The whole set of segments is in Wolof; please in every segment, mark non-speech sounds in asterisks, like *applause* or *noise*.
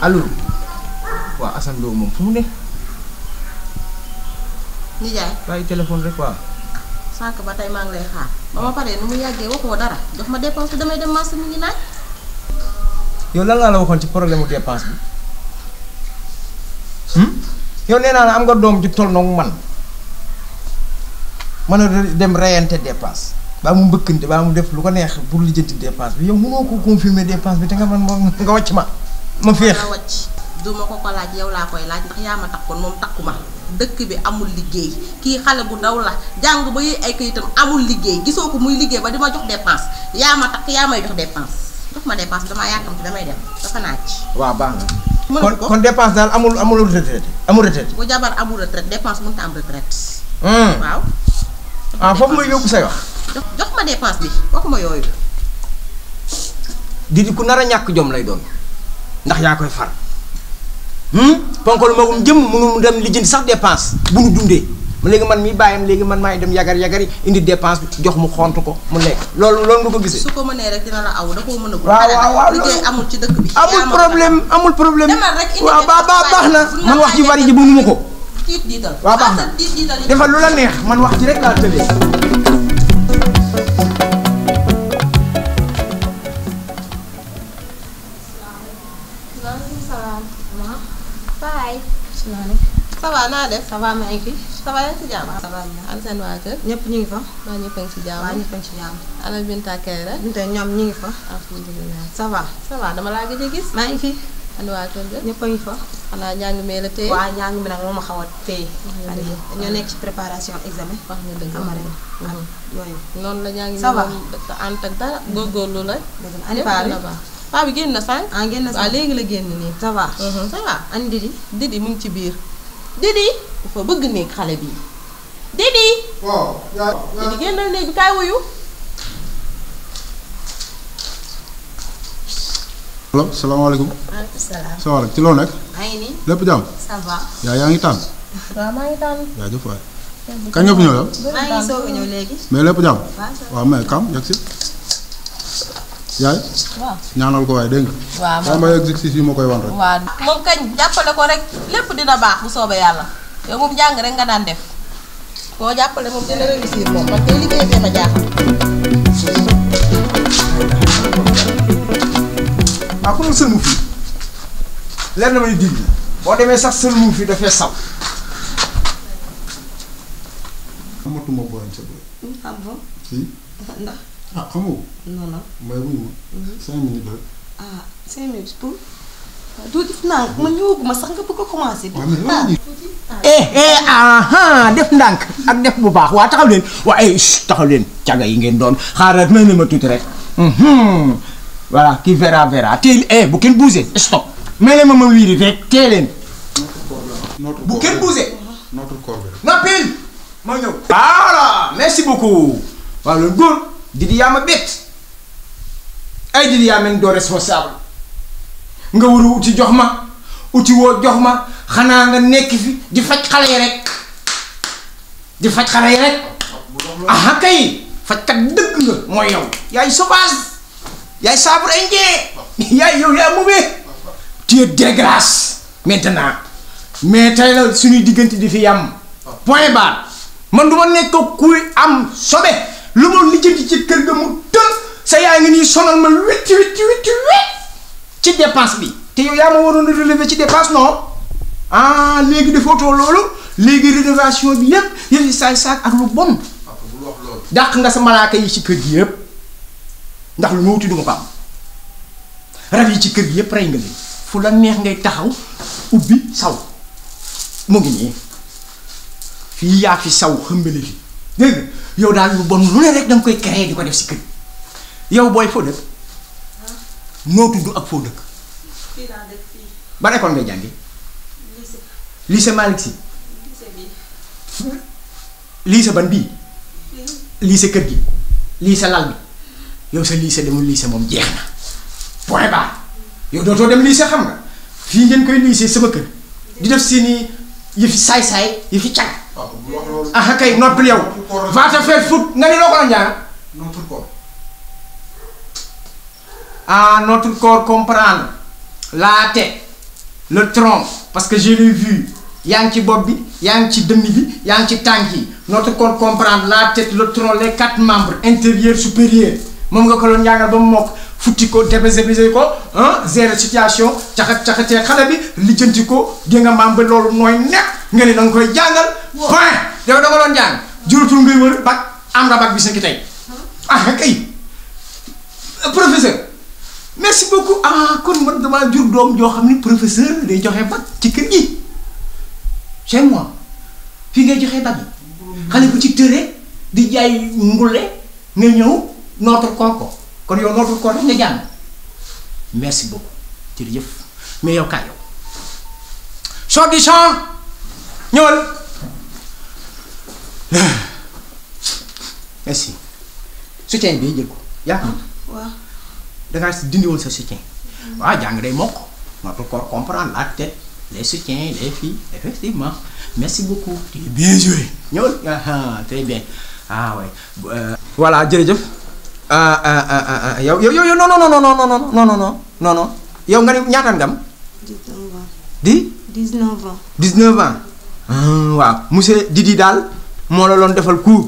alul waaw Assane Lo moom fu mu ne. nijaay bàyyi téléphone rek waaw. sànq ba tey maa ngi lay xaar ba ma paree nu mu yàggee waxoo dara jox ma dépense bi damay dem marché mi ngi naaj. yow lan laa la waxoon ci problème mu dépense bi. Hmm? yow nee naa la am nga doom ju toll noonu man mën a dem reyante dépense baa mu mbëkkante baa mu def lu ko neex pour lijjanti dépense bi yow mënoo ko confirmer dépense bi te nga man moom nga wàcc ma. ma féex ma wàcc du ma ko ko laaj yow laa koy laaj ndax yaa ma takkoon moom takku ma dëkk bi amul liggéey kii xale bu ndaw la jàng ba yëy ay kayitam amul liggéey gisoo ko muy liggéey ba di ma jox dépense yaa ma takk yaa may jox dépense jox ma dépense damaa yàkkamti damay dem dafa naaj. waaw baax na. kon kon dépense daal amul amul retraite amul retraite. amul retraite dépense mënut a am retraite. Hmm. waaw. ah foofu nga yóbbu say wax. jox ma dépense bi waxuma yooyu. di ku nar a ñàkk jom lay doon. ndax yaa koy far hmm? ponkal magum jëm mu dem lijjanti sax depanse bu nu dundee mu léegi man mi bàyyam léegi man maay dem yagar yagari indi dépense bi jox mu xont ko mu lekk loolu loolu nga ko gisee. su ko mënee rek dina la aw da koo mën a. waaw waaw amul ci dëkk bi. amul problème amul problème. demal rek indi baa baa baax na man wax ji bari ji mënuma ko. tiit diital waaw baax na defal lu la neex man wax ji rek laa tëlee. va naa def. ça va maa fi. ça yaa ngi si ñëpp ñu ngi fa. a ngi si jàmm. waaw a ngi si jàmm. ana dama laa gëj gis. maa ngi fi. ana waa kër ga. a ngi fa. xanaa njàng mee la téye. waaw njàng a téye. ci préparation examen. wax nga dëgg amare am la njàng mi moom ànd ak dara góorgóorlu la. dëgg la paa bi génn na ah, léegi la génn nii. ça va mhm. ça va. an didi. mu ngi ci biir. Didi dafa bëgg néeg xale bi Didi. waaw yaa Didi néeg bi kaay wuyu. allo salaamaaleykum. maaleykum salaam. ça ci loolu nekk. maa ngi yaa yaa ngi tànn. waaw maa kañ nga fi ñëw yow. mais lépp jàmm. waaw mais kam yegg si. yaay ñaanal ko waay dégg nga waaw may exercice yi ma koy wan rek waaw moom kañ jàppale ko rek lépp dina baax bu soobee yàlla yow moom jàng rek nga daan def koo jàppale moom dina réussir moom man kay liggéey fee ma jaaxal ah ku doon sëlmu fi leer na ma ni dig bi boo demee sax sëlmu fi dafay saw amatuma booyam sa booy xam nga si ndax ah amoo. non non mooy wuy ma. cinq minutes la. ah cinq minutes pour. doo def eu vou ñëwaguma sax nga bëgg a commencé. eh eh ah def ndànk ak def bu baax waa taxaw leen waa eh taxaw leen caga yi ngeen doon xaaral may na ma tuuti rek. voilà qui verra verra teel eh bu kenn bougé stop. may na ma ma wiiri rek teel leen. bu kenn ah notre corps ma pile ma ñëw. voilà merci beaucoup. waaw loolu góor. Didi yaa ma bett ay Didi doo responsable nga war a uti jox ma uti woo jox ma xanaa nga nekk fi di faj xale yi rek di faj xale yi rek aha kay fajkat dëgg nga mooy yow yaay sauvage yaay sabre indien yaay yow yaay mauvais tu es dégueulasse maintenant mais tey la suñuy diggante di fi yàmm point barre man du nekk kuy am sobe lu ma lijjanti ci kër ga mu tël sa yaa ngi nii sonal ma wit wit wit wit ci dépense bi te yow yaa ma waroon a relever ci dépense non ah léegi defootoo loolu léegi rénovation bi yépp yëfi saay saak ak lu nga sa malaaka ci kër gi yépp ndax lu ma ci kër gi yépp rey nga leen fu la neex ngay taxaw ubbi saw mu ngi nii fii yaa fi saw xëmbale fi dégg yow daal lu bon lu ne rek da nga koy créer di ko def si kër yow booy foo dëkk noo tudd ak foo dëkk. fii laa dëkk ban école ngay jàngi. lycée. lycée Malick Sy. lycée ban bii. lycée kër gi. lycée lal bi yow sa lycée demul lycée moom jeex na point barre yow dootoo dem lycée xam nga fii ngeen koy lycée sama kër di def seeni yëfi saay-saay yëfi cag. ah kay notre corps va te faire foutre nga ni loo notre corps. ah notre corps comprend la tête le tronc parce que je l'ai vu Yankee Bobby ci Demi, Yankee yaa notre corps comprend la tête le tronc les quatre membres intérieur supérieur Mon nga ko doon njàngal ba mu mokk futti ko débésébésé ko hein? situation caxat caxatee xale bi lijjanti ko di nga maam ba loolu nooy nekk nga ne koy point yow da nga doon jàng juróom ngay am nga bac bi sa ki tey ah beaucoup ah kon man jur doom joo xam ni professeur day joxe bac ci kër gi chez moi fii ngay joxe bac xale bu ci tëre di jaay ngule nga ñëw notre corps kon yow notre corps nga jàng merci beaucoup jërëjëf mais yow kaay yow soo di champ ñëwal merci soutien bi jël ko yaa waaw dangaa si dindi woon sa soutien. waaw jàng day mokk ma peux comprendre la tête les soutiens les filles effectivement merci beaucoup. tu es bien joué ñëwal. très bien ah oui. voilà Ah, ah, ah, ah, jërëjëf. yo, yo, yo, non non non non non non non non non non Yo, nga ne ñaata ngam. 19 ans. di. 19 ans. 19 ans waaw monsieur Didi Dal? moo la doon defal cours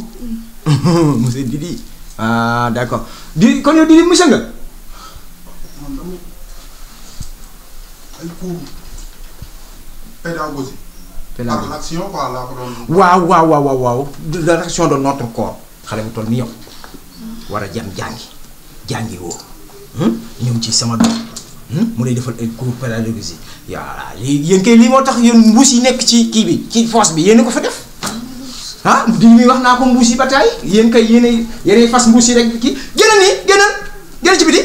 mm. *laughs* monsieur Didi ah d' accord di kon yow Didi monsieur nga. ay cours ko doon. waaw waaw waaw waaw la l'action de notre corps xale bu toll ni yow mm. war a jam jàngi jàngi woo hmm? ñëw ci sama doom. Hmm? mu lay defal ay cours pédagogique yi voilà lii yéen lii moo tax yéen mbuus yi nekk ci kii bi ci force bi yéen ko fa def. ah di muy wax naa ko mbuus yi ba taay yéen kay yeneen yéenay fas mbuus yi rek kii génnal nii génnal génn ci biti.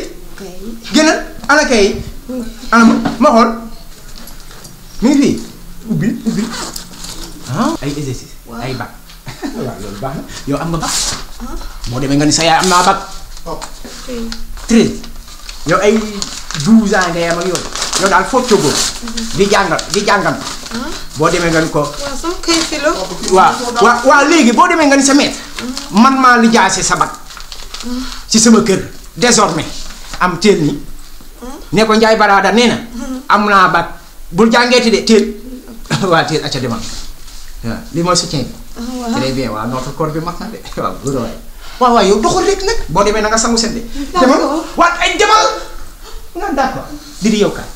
génnal ana kay ma xool mi ngi fii ubbi ubbi ah. ay exercice ay bac *laughs* waaw loolu na yow moo demee nga ni sa yaay am naa bac. Oh. treize ay douze ans ngay am ak yow daal foog coogoon. di jàngal di jàngal. boo demee nga ni ko. waaw sama kay la. waaw waaw léegi boo demee nga ni sa maître. man maa li jaase sa bag. ci sama kër désormais am teel ni ne ko Ndiaye Baraada nee na. am naa bag bul jàngeeti de teel. *laughs* waa teel acca demal lii mooy soutien bi. Ah, bi mat na de *laughs* boo demee na nga sangu seen de. d' accord demal waaw ay demal nga d' accord di di yow kaay.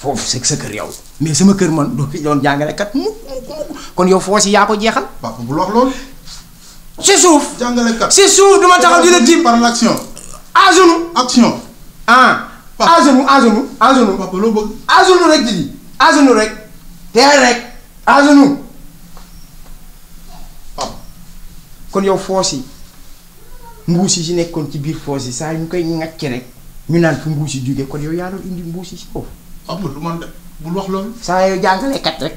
foofu c'est sa kër yow mais sama kër man doo fi doon jàngalekat mu kon yow si yaa jeexal. loo bëgg. azunu rek di azunu rek. kon yow foos yi mbuus yi si nekkoon ci biir foos yi saa yu ñu koy ŋàcc rek ñu naan fu mbuus yi jógee kon yow yaa doon indi mbuus si foofu. amul lu man def bul wax loolu. saa yoo jàngalee kat rek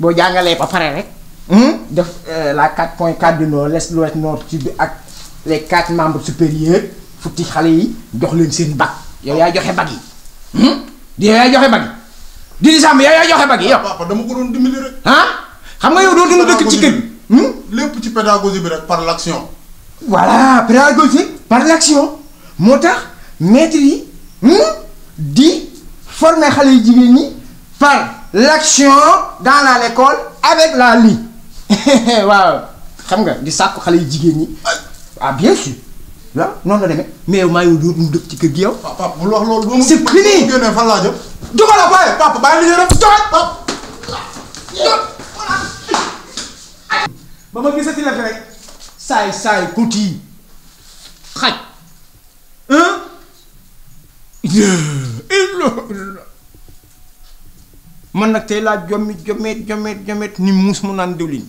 boo jàngalee ba pare rek. Hmm, def euh, la quatre points cardinaux l'est l'ouest nord bi ak les quatre membres supérieurs futti xale yi jox leen seen bac. yow yaa joxe bac yi. Hmm? di yow yaay joxe bac di di sàmm yow yaay joxe bac yi yow. Ah, papa dama ko doon dimbali rek. xam nga yow dootuñu dëkk ci kër gi. Hmm? lépp ci pédagogie bi rek par l'action. voilà pédagogie par l'action moo tax maître yi di. former xale yu jigéen par l'action dans la l'école avec la li *laughs* waaw xam nga di sàkku xale yu jigéen ñi ah bien sûr waaw non la demee mais yow maa ngi dóor ci kër gi yow. papa bul wax loolu. c'est fini fan laa jëm. joxal la bàyyi papa bàyyi la ñu joxal ba ma gisati la fi rek saay saay kuti yi xaj. un hein? deux. *laughs* man nak tay la jommi jommeet jommeet jommeet ni muus mu naan diwlin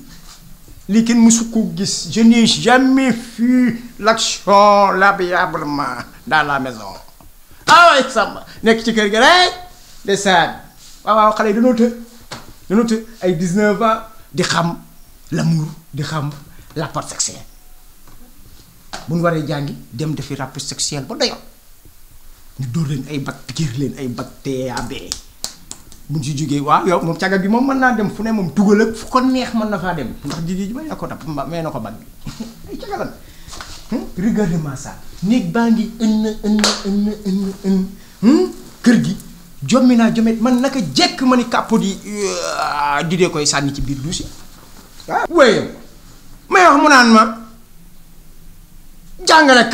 lii kenn gis je n'ai jamais vu l'action labiablement dans la maison ah oui Samba nekk ci kër gi de saan waaw waaw xale yi dañoo të dañoo të ay 19 ans di xam l'amour di xam la porte sexuelle buñ waré jàngi dem defi rapport sexuel bu doyoon. ñu door leen ay bat giir len ay bat TAB mu ci jógee wa yow mom caga bi mom man na dem fune mom moom dugal ak fu ko neex man na fa dem ndax jigéen ji ma yaa ko dab mee na ko bat bi *laughs* ay caga lan regarde ma ça nek bangi ngi ënn ënn ënn ënn hmm keur gi jommi jomet man naka jek ma ni kàppu di de koy sanni ci biir duusi ah, wéyam may wax mu nan ma la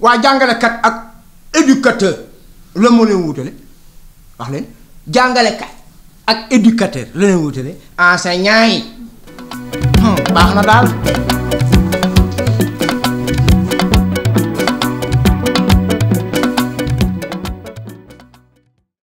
wa waa kat ak éducateur le ak éducateur le enseignant hmm,